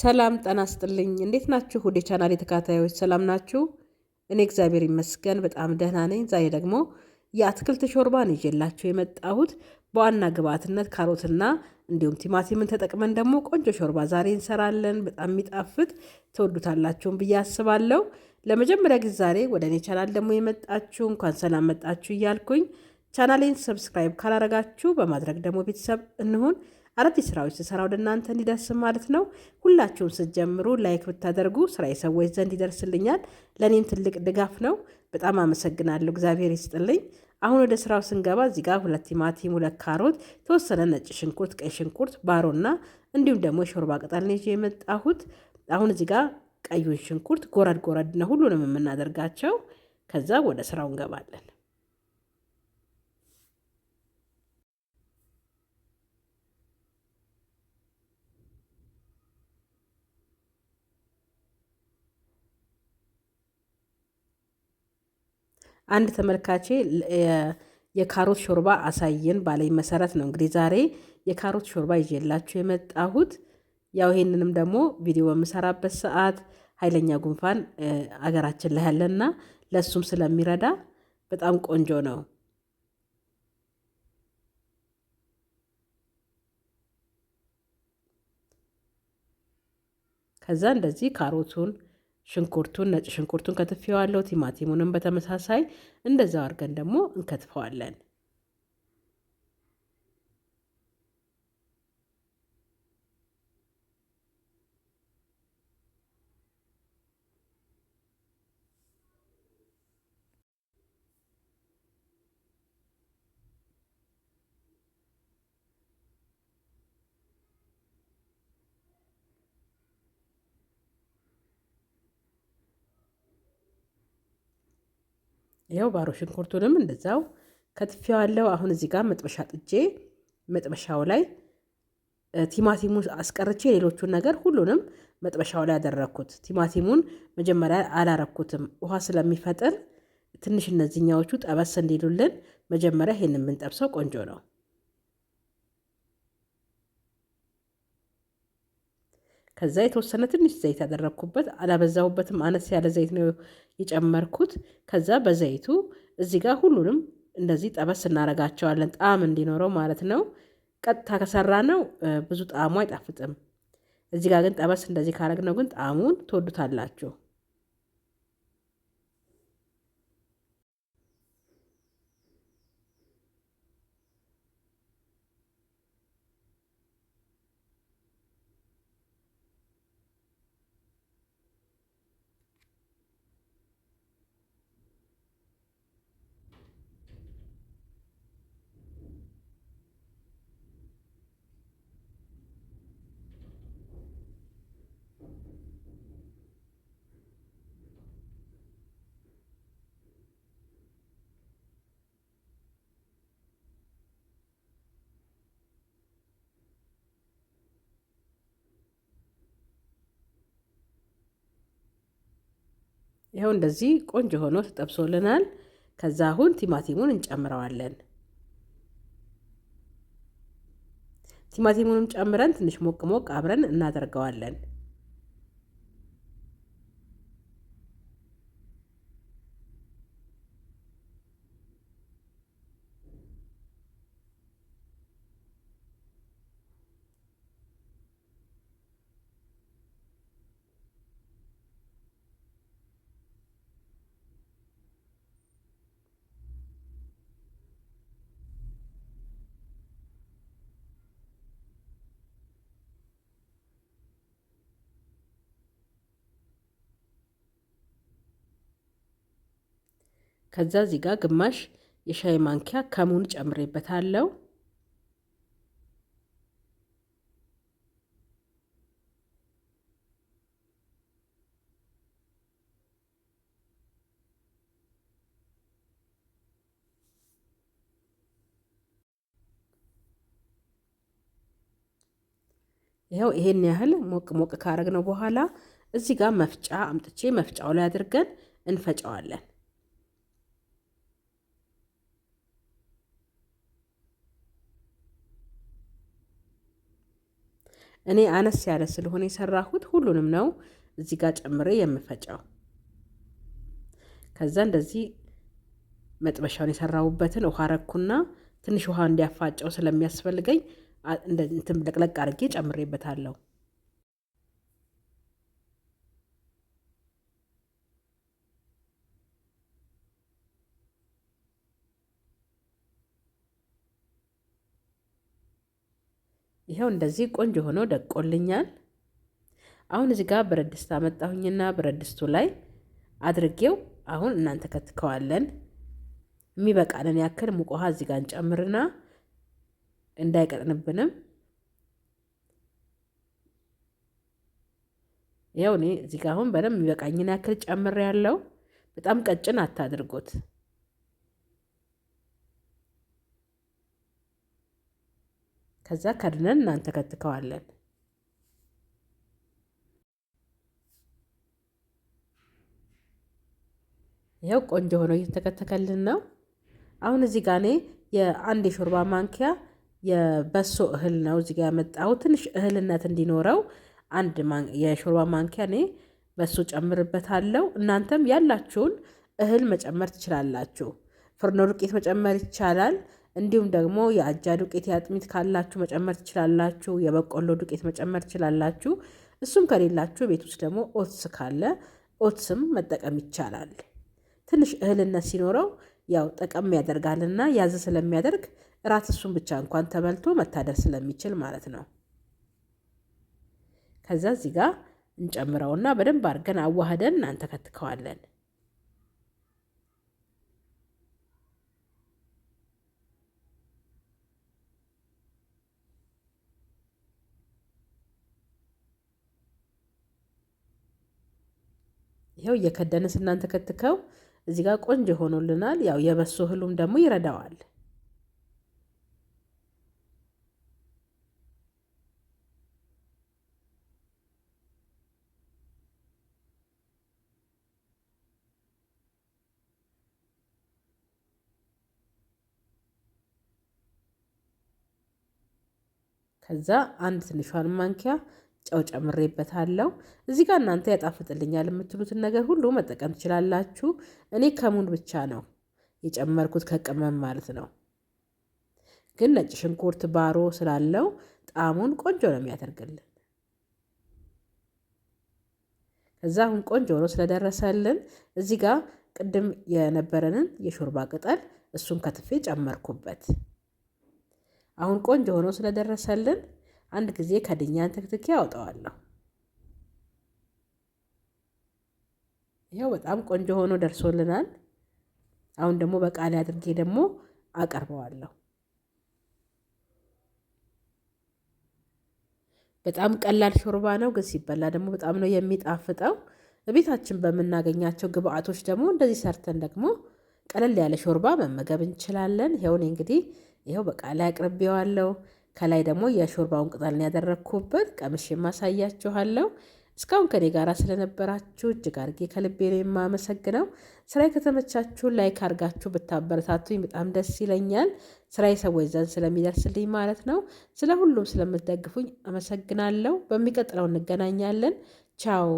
ሰላም ጠና ስጥልኝ። እንዴት ናችሁ? ወደ ቻናል የተካታዮች ሰላም ናችሁ? እኔ እግዚአብሔር ይመስገን በጣም ደህና ነኝ። ዛሬ ደግሞ የአትክልት ሾርባን ይዤላችሁ የመጣሁት በዋና ግብአትነት ካሮትና እንዲሁም ቲማቲምን ተጠቅመን ደግሞ ቆንጆ ሾርባ ዛሬ እንሰራለን። በጣም የሚጣፍጥ ትወዱታላችሁን ብዬ አስባለሁ። ለመጀመሪያ ጊዜ ዛሬ ወደ እኔ ቻናል ደግሞ የመጣችሁ እንኳን ሰላም መጣችሁ እያልኩኝ ቻናሌን ሰብስክራይብ ካላረጋችሁ በማድረግ ደግሞ ቤተሰብ እንሁን አዳዲስ ስራዎች ስሰራ ወደ እናንተ እንዲደርስ ማለት ነው። ሁላችሁም ስትጀምሩ ላይክ ብታደርጉ ስራ የሰዎች ዘንድ ይደርስልኛል፣ ለእኔም ትልቅ ድጋፍ ነው። በጣም አመሰግናለሁ። እግዚአብሔር ይስጥልኝ። አሁን ወደ ስራው ስንገባ እዚህ ጋር ሁለት ቲማቲም፣ ሁለት ካሮት፣ የተወሰነ ነጭ ሽንኩርት፣ ቀይ ሽንኩርት፣ ባሮና እንዲሁም ደግሞ የሾርባ ቅጠል ነው ይዤ የመጣሁት። አሁን እዚህ ጋር ቀዩን ሽንኩርት ጎረድ ጎረድ ነው ሁሉንም የምናደርጋቸው። ከዛ ወደ ስራው እንገባለን። አንድ ተመልካቼ የካሮት ሾርባ አሳየን ባለኝ መሰረት ነው እንግዲህ ዛሬ የካሮት ሾርባ ይዤላችሁ የመጣሁት። ያው ይሄንንም ደግሞ ቪዲዮ በምሰራበት ሰዓት ኃይለኛ ጉንፋን አገራችን ላይ ያለና ለሱም ስለሚረዳ በጣም ቆንጆ ነው። ከዛ እንደዚህ ካሮቱን ሽንኩርቱን ነጭ ሽንኩርቱን ከትፌዋለሁ። ቲማቲሙንም በተመሳሳይ እንደዛው አድርገን ደግሞ እንከትፈዋለን። ይኸው ባሮ ሽንኩርቱንም እንደዛው ከትፌዋለሁ። አሁን እዚህ ጋር መጥበሻ ጥጄ መጥበሻው ላይ ቲማቲሙን አስቀርቼ ሌሎቹን ነገር ሁሉንም መጥበሻው ላይ ያደረግኩት። ቲማቲሙን መጀመሪያ አላረኩትም፣ ውሃ ስለሚፈጥር ትንሽ እነዚህኛዎቹ ጠበስ እንዲሉልን መጀመሪያ ይህን የምንጠብሰው ቆንጆ ነው። ከዛ የተወሰነ ትንሽ ዘይት ያደረግኩበት አላበዛሁበትም። አነስ ያለ ዘይት ነው የጨመርኩት። ከዛ በዘይቱ እዚህ ጋር ሁሉንም እንደዚህ ጠበስ እናረጋቸዋለን ጣዕም እንዲኖረው ማለት ነው። ቀጥታ ከሰራ ነው ብዙ ጣዕሙ አይጣፍጥም። እዚህ ጋር ግን ጠበስ እንደዚህ ካረግነው ግን ጣዕሙን ትወዱታላችሁ። ይኸው እንደዚህ ቆንጆ ሆኖ ተጠብሶልናል። ከዛ አሁን ቲማቲሙን እንጨምረዋለን። ቲማቲሙንም ጨምረን ትንሽ ሞቅ ሞቅ አብረን እናደርገዋለን። ከዛ እዚህ ጋር ግማሽ የሻይ ማንኪያ ከሙን ጨምሬበታለሁ። ይኸው ይሄን ያህል ሞቅ ሞቅ ካረግነው በኋላ እዚህ ጋር መፍጫ አምጥቼ መፍጫው ላይ አድርገን እንፈጨዋለን። እኔ አነስ ያለ ስለሆነ የሰራሁት ሁሉንም ነው እዚህ ጋር ጨምሬ የምፈጨው። ከዛ እንደዚህ መጥበሻውን የሰራሁበትን ውሃ ረኩና ትንሽ ውሃ እንዲያፋጨው ስለሚያስፈልገኝ እንትን ለቅለቅ አድርጌ ጨምሬበታለሁ። ይኸው እንደዚህ ቆንጆ ሆኖ ደቆልኛል። አሁን እዚህ ጋር ብረት ድስት አመጣሁኝና ብረት ድስቱ ላይ አድርጌው አሁን እናንተ ከትከዋለን። የሚበቃንን ያክል ሙቅ ውሃ እዚህ ጋር እንጨምርና እንዳይቀጥንብንም ይኸው እኔ እዚህ ጋር አሁን በደንብ የሚበቃኝን ያክል ጨምር ያለው። በጣም ቀጭን አታድርጎት። ከዛ ከድነን እናንተ ከትከዋለን። ይኸው ቆንጆ ሆኖ እየተከተከልን ነው። አሁን እዚህ ጋ እኔ የአንድ የሾርባ ማንኪያ የበሶ እህል ነው እዚህ ጋ ያመጣው ትንሽ እህልነት እንዲኖረው አንድ የሾርባ ማንኪያ እኔ በሶ ጨምርበታለሁ። እናንተም ያላችሁን እህል መጨመር ትችላላችሁ። ፍርኖ ዱቄት መጨመር ይቻላል። እንዲሁም ደግሞ የአጃ ዱቄት የአጥሚት ካላችሁ መጨመር ትችላላችሁ። የበቆሎ ዱቄት መጨመር ትችላላችሁ። እሱም ከሌላችሁ ቤት ውስጥ ደግሞ ኦትስ ካለ ኦትስም መጠቀም ይቻላል። ትንሽ እህልነት ሲኖረው ያው ጠቀም ያደርጋልና ያዘ ስለሚያደርግ እራት እሱን ብቻ እንኳን ተበልቶ መታደር ስለሚችል ማለት ነው። ከዛ እዚህ ጋር እንጨምረውና በደንብ አድርገን አዋህደን እናንተከትከዋለን። ይኸው እየከደነ ስናንተከትከው እዚህ ጋር ቆንጆ ሆኖልናል። ያው የበሶ እህሉም ደግሞ ይረዳዋል። ከዛ አንድ ትንሿን ማንኪያ ጨው ጨምሬበታለሁ። እዚህ ጋር እናንተ ያጣፍጥልኛል የምትሉትን ነገር ሁሉ መጠቀም ትችላላችሁ። እኔ ከሙን ብቻ ነው የጨመርኩት ከቅመም ማለት ነው። ግን ነጭ ሽንኩርት ባሮ ስላለው ጣዕሙን ቆንጆ ነው የሚያደርግልን። ከዛ አሁን ቆንጆ ሆኖ ስለደረሰልን እዚህ ጋር ቅድም የነበረንን የሾርባ ቅጠል እሱን ከትፌ ጨመርኩበት። አሁን ቆንጆ ሆኖ ስለደረሰልን አንድ ጊዜ ከድኛን ትክትኬ አውጠዋለሁ። ይኸው በጣም ቆንጆ ሆኖ ደርሶልናል። አሁን ደግሞ በቃሌ አድርጌ ደግሞ አቀርበዋለሁ። በጣም ቀላል ሾርባ ነው፣ ግን ሲበላ ደግሞ በጣም ነው የሚጣፍጠው። በቤታችን በምናገኛቸው ግብአቶች ደግሞ እንደዚህ ሰርተን ደግሞ ቀለል ያለ ሾርባ መመገብ እንችላለን። ይኸው እኔ እንግዲህ ይኸው በቃሌ አቅርቤዋለሁ። ከላይ ደግሞ የሾርባውን ቅጠል ነው ያደረግኩበት። ቀምሼ ማሳያችኋለሁ። እስካሁን ከኔ ጋር ስለነበራችሁ እጅግ አድርጌ ከልቤ ነው የማመሰግነው። ስራ ከተመቻችሁ ላይክ አርጋችሁ ብታበረታቱኝ በጣም ደስ ይለኛል። ስራ ሰዎች ዘንድ ስለሚደርስልኝ ማለት ነው። ስለ ሁሉም ስለምትደግፉኝ አመሰግናለሁ። በሚቀጥለው እንገናኛለን። ቻው